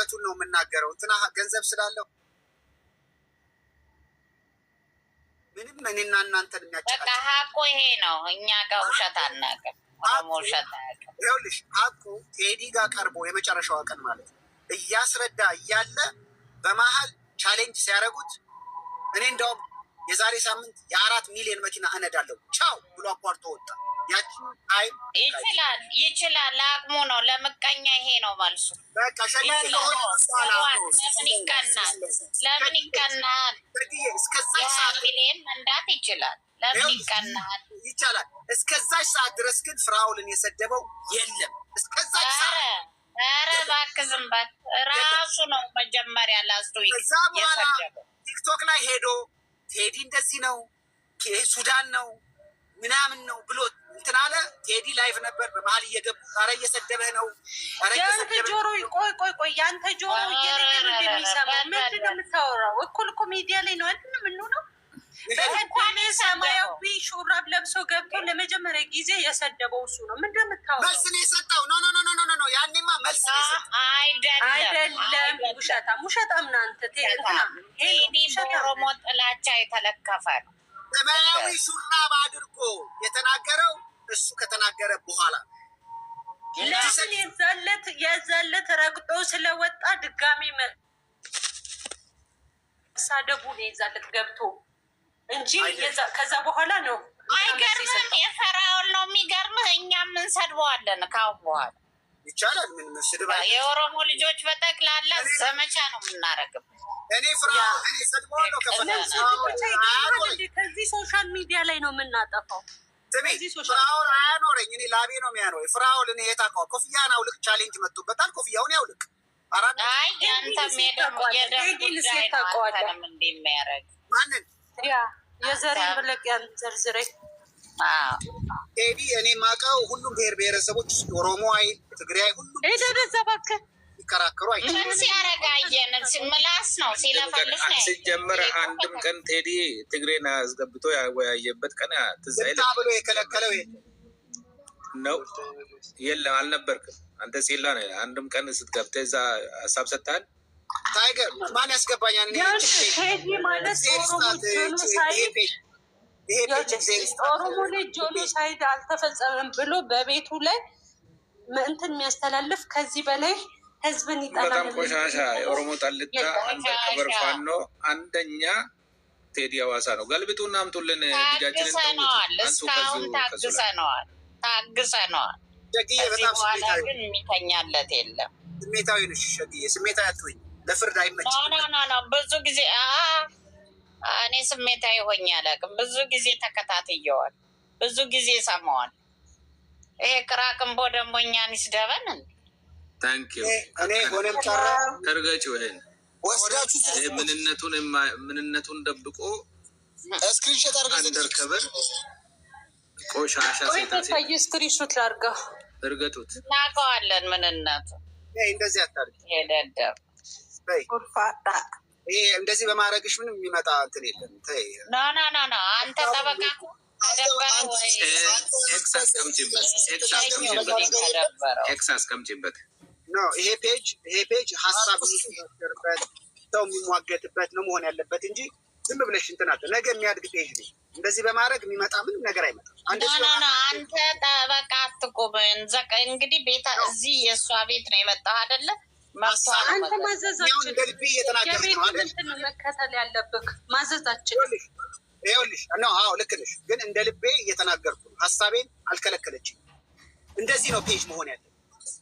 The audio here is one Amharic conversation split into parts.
እውነቱን ነው የምናገረው። እንትና ገንዘብ ስላለው ምንም እኔና እናንተን የሚያጭቃ ሀቁ ይሄ ነው። እኛ ጋር ውሸት አናውቅም። ውሸት ይኸውልሽ፣ ሀቁ ቴዲ ጋር ቀርቦ የመጨረሻዋ ቀን ማለት ነው እያስረዳ እያለ በመሀል ቻሌንጅ ሲያደርጉት እኔ እንደውም የዛሬ ሳምንት የአራት ሚሊዮን መኪና እነዳለሁ ቻው ብሎ አቋርጦ ወጣ። ይችላል ይችላል። ለአቅሙ ነው። ለምቀኛ ይሄ ነው መልሱ። ለምን ይቀናል? ለምን ይቀናል? መንዳት ይችላል። ለምን ይቀናል? ይቻላል። እስከዛች ሰዓት ድረስ ግን ፍራውልን የሰደበው የለም። እስከዛች ሰዓት ኧረ እባክህ ዝም በል። ራሱ ነው መጀመሪያ ላስቶ የሰደበው ቲክቶክ ላይ ሄዶ ቴዲ እንደዚህ ነው ሱዳን ነው ምናምን ነው ብሎ እንትን አለ። ቴዲ ላይፍ ነበር። በመሀል እየገቡ ኧረ እየሰደበህ ነው። የአንተ ጆሮ ቆይ ቆይ ቆይ፣ ያንተ ጆሮ እየለየሉ እንደሚሰማ ምንድን ነው የምታወራው? እኩል እኮ ሚዲያ ላይ ነው አይደል የምንውለው። በተኳኔ ሰማያዊ ሹራብ ለብሶ ገብቶ ለመጀመሪያ ጊዜ የሰደበው እሱ ነው። ምንድን ነው የምታወራው? መልስ ነው የሰጠው። ኖ ኖ ኖ ኖ ኖ ኖ፣ ያኔማ መልስ ነው የሰጠው። አይደለም ውሸታም፣ ውሸታም ናንተ ቴዲ ኦሮሞ ጥላቻ የተለከፈ ነው ሰማያዊ ሹራብ አድርጎ የተናገረው እሱ ከተናገረ በኋላ ለምን የዘለት የዘለት ረግጦ ስለወጣ ድጋሚ መሳደቡ ነው የዛለት ገብቶ እንጂ ከዛ በኋላ ነው። አይገርምም? የፈራውን ነው የሚገርምህ። እኛ እንሰድበዋለን ካሁን በኋላ ይቻላል። ምን ምስድብ የኦሮሞ ልጆች በጠቅላላ ዘመቻ ነው የምናረግም። እኔ ከዚህ ሶሻል ሚዲያ ላይ ነው የምናጠፋው። ፍራኦል አያኖረኝ፣ እኔ ላቤ ነው የሚያኖረኝ። ፍራኦል እኔ የታቀ ኮፍያን አውልቅ ቻሌንጅ መጡበታል። ኮፍያውን ያውልቅ። ማንን የዘሬን ብለቅ ያን ዘርዝረኝ ኤዲ እኔ ማቀው ሁሉም ብሔር ብሔረሰቦች ኦሮሞ አይ ትግራይ ሁሉ የተገዘባከ ይከራከሩ አይ ሲያረጋየን ምላስ ነው ሲለፈልፍ ነው። ሲጀመር አንድም ቀን ቴዲ ትግሬን አስገብቶ ያወያየበት ቀን ትዝ አይልም ብሎ የከለከለው ነው የለም። አልነበርክም አንተ ሲላ ነው። አንድም ቀን ስትገብተህ እዛ ሀሳብ ሰጥተሃል። ታይገር ማን ያስገባኛል ቴዲ ማለት ኦሮሞ ሳይ ኦሮሞ ላይ ጆኖሳይድ አልተፈጸመም ብሎ በቤቱ ላይ እንትን የሚያስተላልፍ ከዚህ በላይ ህዝብን ይጠላል። በጣም ቆሻሻ የኦሮሞ ጠልታ አንደቀበር ፋኖ አንደኛ ቴዲ አዋሳ ነው። ገልብጡ አምጡልን። ልጃችንን እስካሁን ታግሰነዋል ታግሰነዋል። በጣም በኋላ ግን የሚተኛለት የለም። ስሜታዊ ነሽ ሸግዬ፣ ስሜታዊ አትሆኝ። ለፍርድ አይመችም። ብዙ ጊዜ እኔ ስሜት ሆኜ አላውቅም። ብዙ ጊዜ ተከታትየዋል፣ ብዙ ጊዜ ሰማዋል። ይሄ ቅራቅንቦ ደግሞ እኛን ይስደበን። እርገጭ ምንነቱን ደብቆ ስክሪንሾት አንደርከበር ቆሻሻ ስክሪንሾት ላድርጋ። እርገጡት፣ ምንነቱ እንደዚህ ይሄ እንደዚህ በማድረግሽ ምንም የሚመጣ እንትን የለም። ና ና ና አንተ ጠበቃ ይሄ ፔጅ ይሄ ፔጅ ሀሳብ የሚሰበት ሰው የሚሟገትበት ነው መሆን ያለበት እንጂ ዝም ብለሽ እንትን አለ ነገ የሚያድግ ፔጅ ነው። እንደዚህ በማድረግ የሚመጣ ምንም ነገር አይመጣም። አንተ ጠበቃ አትቁም። እንግዲህ ቤታ እዚህ የእሷ ቤት ነው የመጣው አይደለም አንተ ማዘዛችን መከተል ያለብህ ማዘዛችን ይኸውልሽ ነው። አዎ ልክ ነሽ፣ ግን እንደ ልቤ እየተናገርኩ ሀሳቤን አልከለከለችኝ። እንደዚህ ነው ፔጅ መሆን ያለ።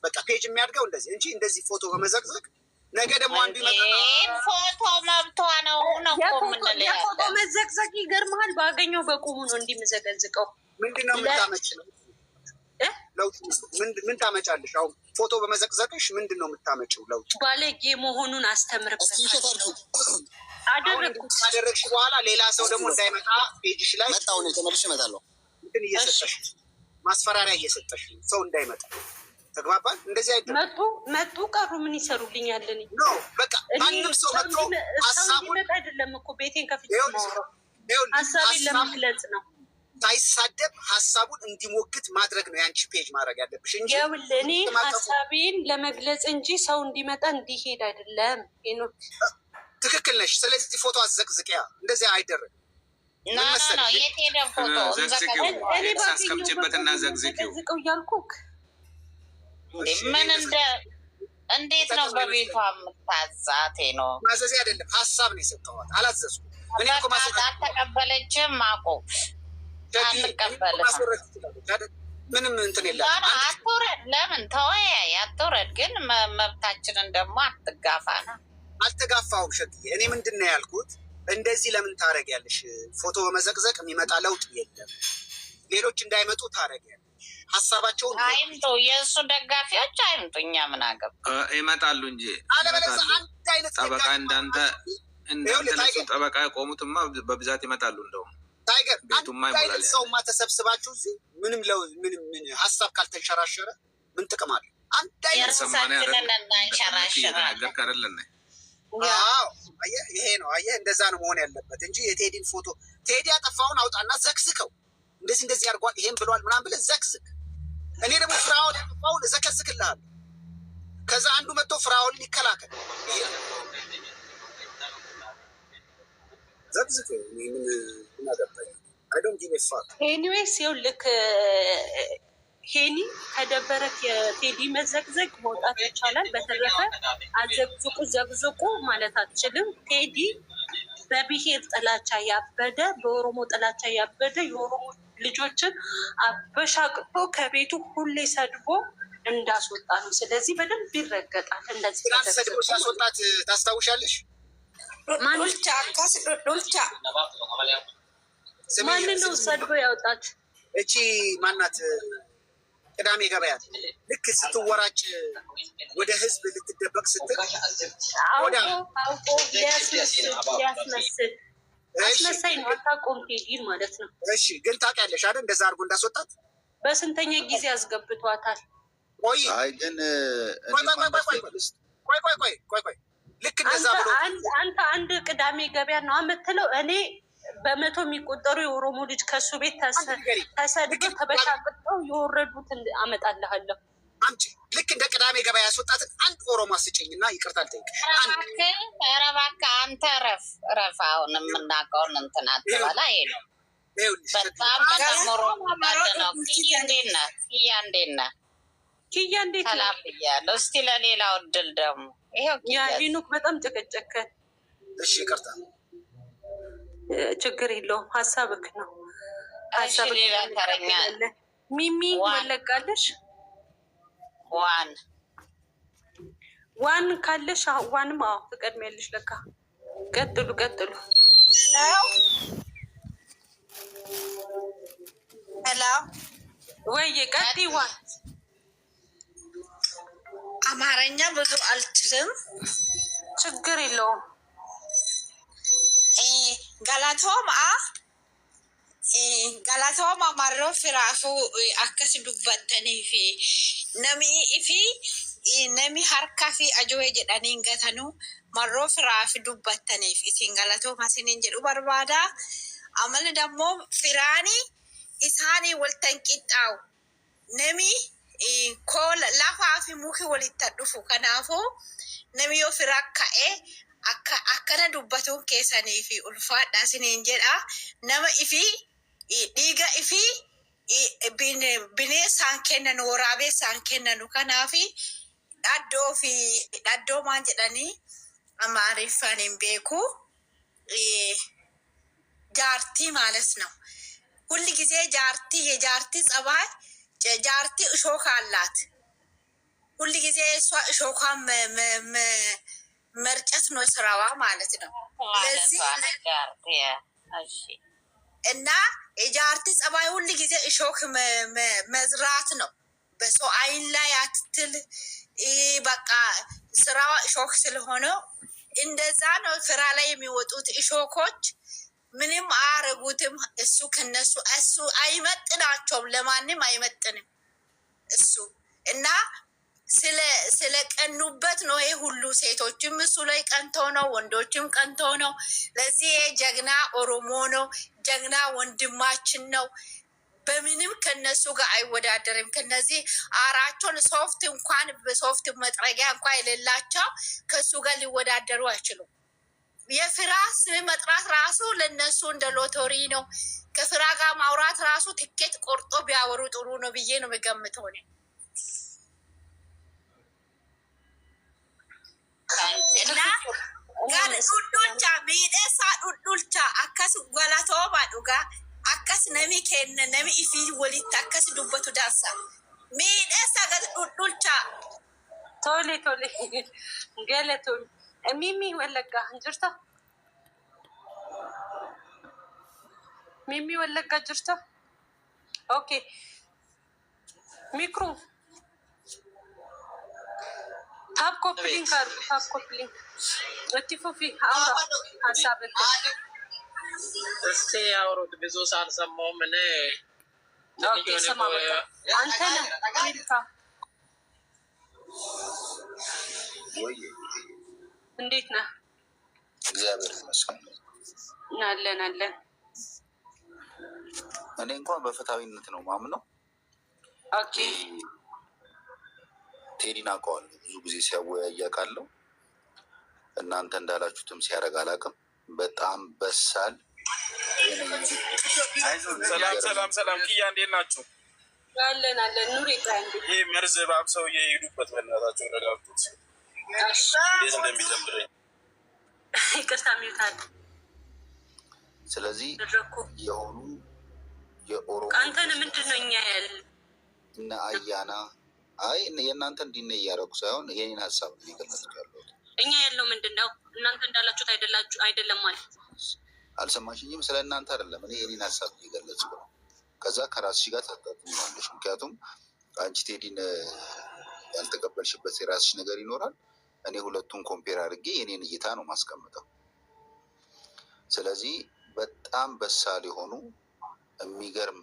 በቃ ፔጅ የሚያድገው እንደዚህ እንጂ እንደዚህ ፎቶ በመዘግዘግ ነገ ደግሞ አንዱ ፎቶ መብቷ ነው። የፎቶ መዘግዘግ ይገርመሃል። ባገኘው በቁሙ ነው እንዲህ የምዘገዝቀው። ምንድን ነው የምታመችለው? ለውጥ ምን ታመጫለሽ? አሁን ፎቶ በመዘቅዘቅሽ ምንድን ነው የምታመጭው? ለውጥ ባለጌ መሆኑን አስተምርበት አደረግሽ። በኋላ ሌላ ሰው ደግሞ እንዳይመጣ ፔጅሽ ላይ ነው ተመልሼ እመጣለሁ። እንትን እየሰጠሽ ማስፈራሪያ እየሰጠሽ ሰው እንዳይመጣ ተግባባል። እንደዚህ አይደለም። መጡ መጡ ቀሩ ምን ይሰሩልኛል? እኔ ነው በቃ ማንም ሰው መጥቶ ሀሳቡን አይደለም እኮ ቤቴን ከፍቼ ሀሳቤን ለመግለጽ ነው እንዳይሳደብ ሀሳቡን እንዲሞግት ማድረግ ነው የአንቺ ፔጅ ማድረግ ያለብሽ እንጂ እኔ ሀሳቤን ለመግለጽ እንጂ ሰው እንዲመጣ እንዲሄድ አይደለም። ትክክል ነሽ። ስለዚህ ፎቶ አዘቅዝቅያ እንደዚያ አይደረግም። ዘቅዝቂውስቀምጭበትና ዘቅዝቂው እያልኩክ ምን እንደ እንዴት ነው በቤቷ የምታዛቴ ነው ማዘዜ አይደለም ሀሳብ ነው የሰጠዋት አላዘዝኩም። እኔ እኮ ማዘዝ አልተቀበለችም አቆ ምንም እንትን የለም። አትውረድ፣ ለምን ተወያይ፣ አትውረድ። ግን መብታችንን ደግሞ አትጋፋ ነው። አልተጋፋሁም ሸግዬ። እኔ ምንድን ነው ያልኩት፣ እንደዚህ ለምን ታደርጊያለሽ? ፎቶ በመዘቅዘቅ የሚመጣ ለውጥ የለም። ሌሎች እንዳይመጡ ታደርጊያለሽ። ሀሳባቸውን አይምጡ፣ የእሱ ደጋፊዎች አይምጡ። እኛ ምን አገባ? ይመጣሉ እንጂ አለበለዚያ አንድ አይነት ጠበቃ እንዳንተ እንዳንተ ጠበቃ የቆሙትማ በብዛት ይመጣሉ እንደውም ታይገር አንድ ሰውማ ተሰብስባችሁ እዚህ ምንም ለው ምንም ምን ሀሳብ ካልተንሸራሸረ ምን ጥቅም አለ? አንድ አይነት ይሄ ነው። አየህ እንደዛ ነው መሆን ያለበት እንጂ የቴዲን ፎቶ ቴዲ ያጠፋውን አውጣና ዘክዝከው፣ እንደዚህ እንደዚህ አድርጓል ይሄን ብሏል ምናምን ብለህ ዘክዝክ። እኔ ደግሞ ፍራውን ያጠፋውን እዘከዝክልሃለሁ። ከዛ አንዱ መጥቶ ፍራውን ይከላከል ኤኒዌይስ ይኸው ልክ ሄኒ ከደበረት የቴዲ መዘግዘግ መውጣት ይቻላል። በተረፈ አዘግዝቁ ዘግዝቁ ማለት አትችልም። ቴዲ በብሄር ጥላቻ ያበደ፣ በኦሮሞ ጥላቻ ያበደ የኦሮሞ ልጆችን አበሻቅጦ ከቤቱ ሁሌ ሰድቦ እንዳስወጣ ነው። ስለዚህ በደንብ ይረገጣል። እንደዚህ ሲያስወጣት ታስታውሻለሽ? ማንን ነው ሰድቦ ያወጣች? እቺ ማናት? ቅዳሜ ገበያት ልክ ስትወራጭ ወደ ህዝብ ልትደበቅ ስትል አስመሳይ ነው። አታውቀውም ቴዲን ማለት ነው። እሺ ግን ታውቂያለሽ አይደል? እንደዛ አድርጎ እንዳስወጣት በስንተኛ ጊዜ አስገብቷታል? ቆይ ቆይ ቆይ ቆይ ቆይ ልክ እንደዛ ብሎ አንተ አንድ ቅዳሜ ገበያ ነው የምትለው እኔ በመቶ የሚቆጠሩ የኦሮሞ ልጅ ከእሱ ቤት ተሰድገው ተበሻቅጠው የወረዱትን አመጣልሃለሁ። አምጪ ልክ እንደ ቅዳሜ ገበያ ያስወጣትን አንድ ኦሮሞ አስጭኝ እና ይቅርታ ልጠይቅ። ኧረ እባክህ አንተ ረፍ ረፍ። አሁን የምናውቀውን እንትን አትበላ። ይሄ ነው በጣም በጣም ኦሮሞ ነው። እንዴት ነህ? ኪያ እንዴት ነህ? ሰላም ብያለሁ። እስቲ ለሌላው እድል ደግሞ ሄኖክ በጣም ጨቀጨከን። እሺ ይቅርታ፣ ችግር የለውም። ሀሳብክ ነው ሀሳብ። ሚሚ ወለጋለሽ ዋን ዋን ካለሽ ዋንም አዎ ትቀድሚያለሽ። ለካ ቀጥሉ ቀጥሉ። ሄሎ ወይ ቀጥይ ዋን አማርኛ ብዙ አልችልም። ችግር የለውም። galatooma marroo firaafuu akkas dubbattanii fi nami fi namni fi ajoo'ee jedhanii gatanuu marroo firaaf dubbattaniif isin galatooma isiniin jedhu barbaada. Amali dammoo firaani isaanii waltan qixxaawu namni E lafaa fi muki walitti dhufu. Kanaafuu namni yoo fira ka'e akkana dubbatuun keessanii fi ulfaadha isiniin jedha. Nama ifi dhiiga ifi bineensaan kennan waraabeessaan kennanu. Kanaafi dhaddoo fi dhaddoo maal jedhanii amaariffaan hin beeku. E, jaartii maalas nama? Kulli gizee jaartii jaartii tsabaa. ጃርቲ እሾክ አላት። ሁል ጊዜ እሷ እሾኳ መርጨት ነው ስራዋ ማለት ነው። እና የጃርቲ ጸባይ ሁል ጊዜ እሾክ መዝራት ነው። በሰው አይን ላይ አትትል። በቃ ስራዋ እሾክ ስለሆነ እንደዛ ነው። ስራ ላይ የሚወጡት እሾኮች ምንም አያረጉትም። እሱ ከነሱ እሱ አይመጥናቸውም፣ ለማንም አይመጥንም እሱ እና ስለቀኑበት ነው ይሄ ሁሉ። ሴቶችም እሱ ላይ ቀንቶ ነው፣ ወንዶችም ቀንቶ ነው። ለዚህ ጀግና ኦሮሞ ነው፣ ጀግና ወንድማችን ነው። በምንም ከነሱ ጋር አይወዳደርም። ከነዚህ አራቸውን ሶፍት እንኳን በሶፍት መጥረጊያ እንኳን የሌላቸው ከእሱ ጋር ሊወዳደሩ አይችሉም። የፍራ ስም መጥራት ራሱ ለነሱ እንደ ሎተሪ ነው። ከፍራ ጋር ማውራት ራሱ ትኬት ቆርጦ ቢያወሩ ጥሩ ነው ብዬ ነው የምገምተው። እኔ ዱዱልቻ ሜደሳ ዱዱልቻ አካስ ገላቶማ ዱጋ አካስ ነሚ ኬነ ነሚ ኢፊ ወሊት አካስ ዱበቱ ዳሳ ሜደሳ ጋር ዱዱልቻ ቶሊ ቶሊ ገለቶሊ Mimi ወለጋ እንጅርታ ሚሚ ወለጋ ጅርታ ኦኬ ሚክሩ ታብ ኮፕሊንግ አርጉ ታብ ኮፕሊንግ እቲ ፉፊ አውራ ሀሳብ እስቲ አውሩት ብዙ ሳልሰማውም እኔ አንተ ነህ እንዴት ነህ? እግዚአብሔር ይመስገን አለን አለን። እኔ እንኳን በፍትሐዊነት ነው ማምነው። ቴዲን አውቀዋለሁ፣ ብዙ ጊዜ ሲያወያይ አውቃለሁ። እናንተ እንዳላችሁትም ሲያደርግ አላውቅም። በጣም በሳል። ሰላም ሰላም ሰላም። ክያ እንዴት ናችሁ? አለን አለን። ኑር ይህ መርዝ በአብ ሰውዬ የሄዱበት በእናታቸው ነዳቱት እንዴት ስለዚህ የሆኑ የኦሮሞ አንተን ምንድን ነው እኛ ያል እነ አያና አይ የእናንተ እንዲነ እያደረጉ ሳይሆን የኔን ሀሳብ ነው ያለሁት። እኛ ያለው ምንድን ነው እናንተ እንዳላችሁት አይደላችሁ አይደለም ማለት አልሰማሽኝም። ስለ እናንተ አይደለም እኔ የኔን ሀሳብ ነው ነው። ከዛ ከራስሽ ጋር ታጣጥሚዋለሽ። ምክንያቱም አንቺ ቴዲን ያልተቀበልሽበት የራስሽ ነገር ይኖራል። እኔ ሁለቱን ኮምፔር አድርጌ የኔን እይታ ነው ማስቀምጠው። ስለዚህ በጣም በሳል የሆኑ የሚገርም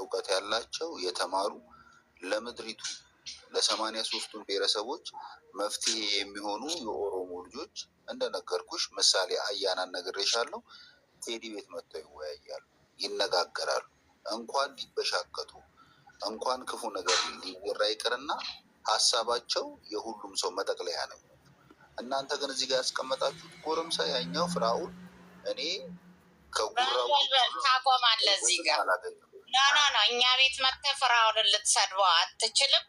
እውቀት ያላቸው የተማሩ ለምድሪቱ ለሰማንያ ሶስቱን ብሔረሰቦች መፍትሄ የሚሆኑ የኦሮሞ ልጆች እንደነገርኩሽ ምሳሌ አያናን ነግሬሻለሁ። ቴዲ ቤት መጥተው ይወያያሉ፣ ይነጋገራሉ። እንኳን ሊበሻከቱ እንኳን ክፉ ነገር ሊወራ ይቅርና ሀሳባቸው የሁሉም ሰው መጠቅለያ ነው። እናንተ ግን እዚህ ጋር ያስቀመጣችሁት ጎረምሳ ያኛው ፍራውን እኔ ታቆማለህ። እዚህ ጋር ና እኛ ቤት መተ ፍራውንን ልትሰድበ አትችልም።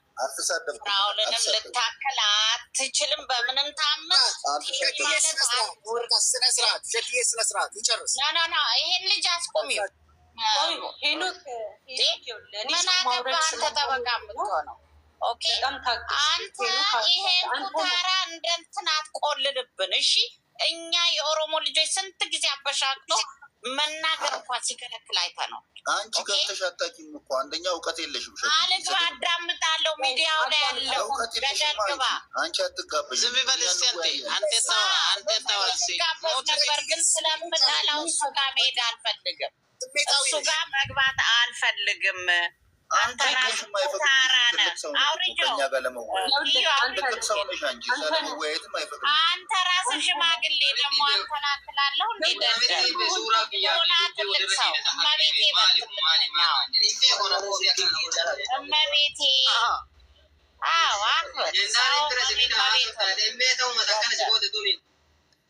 ፍራውንንም ልታከል አትችልም። በምንም ታምር ና ና ይሄን ልጅ አስቆሚው። ምን አገባህ አንተ ጠበቃ የምትሆነው? አንተ ይሄ ኩታራ እንደምትን አትቆልልብን። እሺ እኛ የኦሮሞ ልጆች ስንት ጊዜ አበሻቅቶ መናገር እንኳን ሲከለክል አይተ ነው። አንቺ ገብተሽ አታውቂም እኮ አንደኛ እውቀት የለሽም። አልግባ አዳምጣለሁ ሚዲያው ላይ ያለው ገደልግባ አንቺ አትጋበሽ። ዝም በል እስኪ አንተንተዋሲሞት ነበር ግን ስለምጠላው እሱ ጋር መሄድ አልፈልግም። እሱ ጋር መግባት አልፈልግም። አንቺ ከሱ አንተ ራስህ ሽማግሌ ደግሞ አንተና ትላለሁ። እመቤቴ አዎ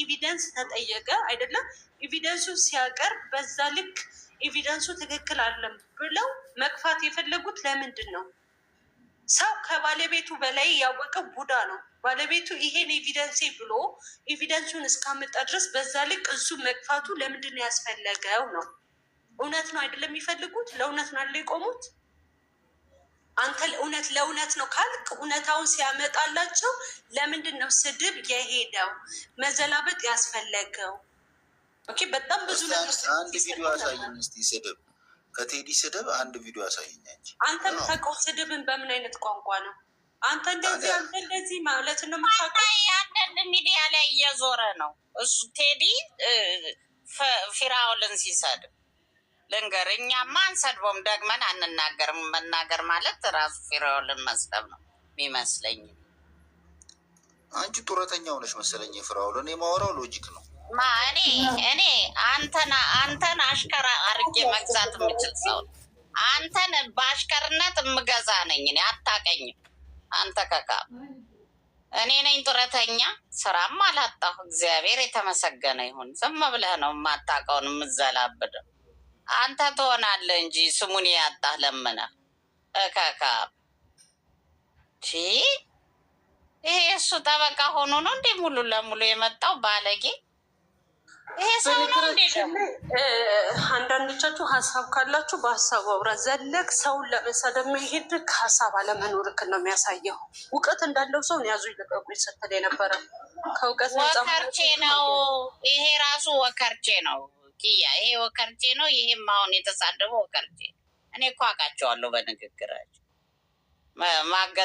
ኤቪደንስ ተጠየቀ አይደለም። ኤቪደንሱ ሲያቀርብ በዛ ልክ ኤቪደንሱ ትክክል አለም ብለው መግፋት የፈለጉት ለምንድን ነው? ሰው ከባለቤቱ በላይ ያወቀ ቡዳ ነው። ባለቤቱ ይሄን ኤቪደንሴ ብሎ ኤቪደንሱን እስካመጣ ድረስ በዛ ልክ እሱ መግፋቱ ለምንድን ነው ያስፈለገው? ነው እውነት ነው አይደለም የሚፈልጉት ለእውነት ነው አለ የቆሙት። አንተ እውነት ለእውነት ነው ካልክ እውነታውን ሲያመጣላቸው ለምንድን ነው ስድብ የሄደው መዘላበጥ ያስፈለገው? ኦኬ በጣም ብዙ አንድ ቪዲዮ አሳይኝ እስኪ ስድብ ከቴዲ ስድብ አንድ ቪዲዮ አሳይኝ። አንተ የምታውቀው ስድብን በምን አይነት ቋንቋ ነው? አንተ እንደዚህ አንተ እንደዚህ ማለት ነው ያንደን ሚዲያ ላይ እየዞረ ነው እሱ ቴዲ ፊራኦልን ሲሰድብ ልንገር፣ እኛማ አንሰድቦም ደግመን አንናገርም። መናገር ማለት ራሱ ፊራኦልን መስደብ ነው የሚመስለኝ። አንቺ ጡረተኛ ሆነች መሰለኝ ፊራኦል። እኔ ማወራው ሎጂክ ነው። ማ እኔ እኔ አንተን አንተን አሽከራ አርጌ መግዛት የምችል ሰው አንተን በአሽከርነት የምገዛ ነኝ እኔ። አታቀኝም አንተ ከካ እኔ ነኝ ጡረተኛ፣ ስራም አላጣሁ። እግዚአብሔር የተመሰገነ ይሁን። ዝም ብለህ ነው የማታውቀውን የምዘላብደው አንተ ትሆናለህ እንጂ ስሙን ያጣህ ለምነ እከካ ይሄ እሱ ጠበቃ ሆኖ ነው እንዴ? ሙሉ ለሙሉ የመጣው ባለጌ ይሄ ሰው ነው እንዴ? አንዳንዶቻችሁ ሀሳብ ካላችሁ በሀሳብ አውራ ዘለቅ ሰውን ለመሳደብ መሄድ ከሀሳብ አለመኖርክን ነው የሚያሳየው። እውቀት እንዳለው ሰውን ያዙ ይለቀቁ ይሰተል የነበረ ከእውቀት ወከርቼ ነው ይሄ ራሱ ወከርቼ ነው። ኪያ ይሄ ወከርቴ ነው። ይሄም አሁን የተሳደበ ወከርቴ። እኔ እኮ አውቃቸዋለሁ በንግግራቸው ማገዝ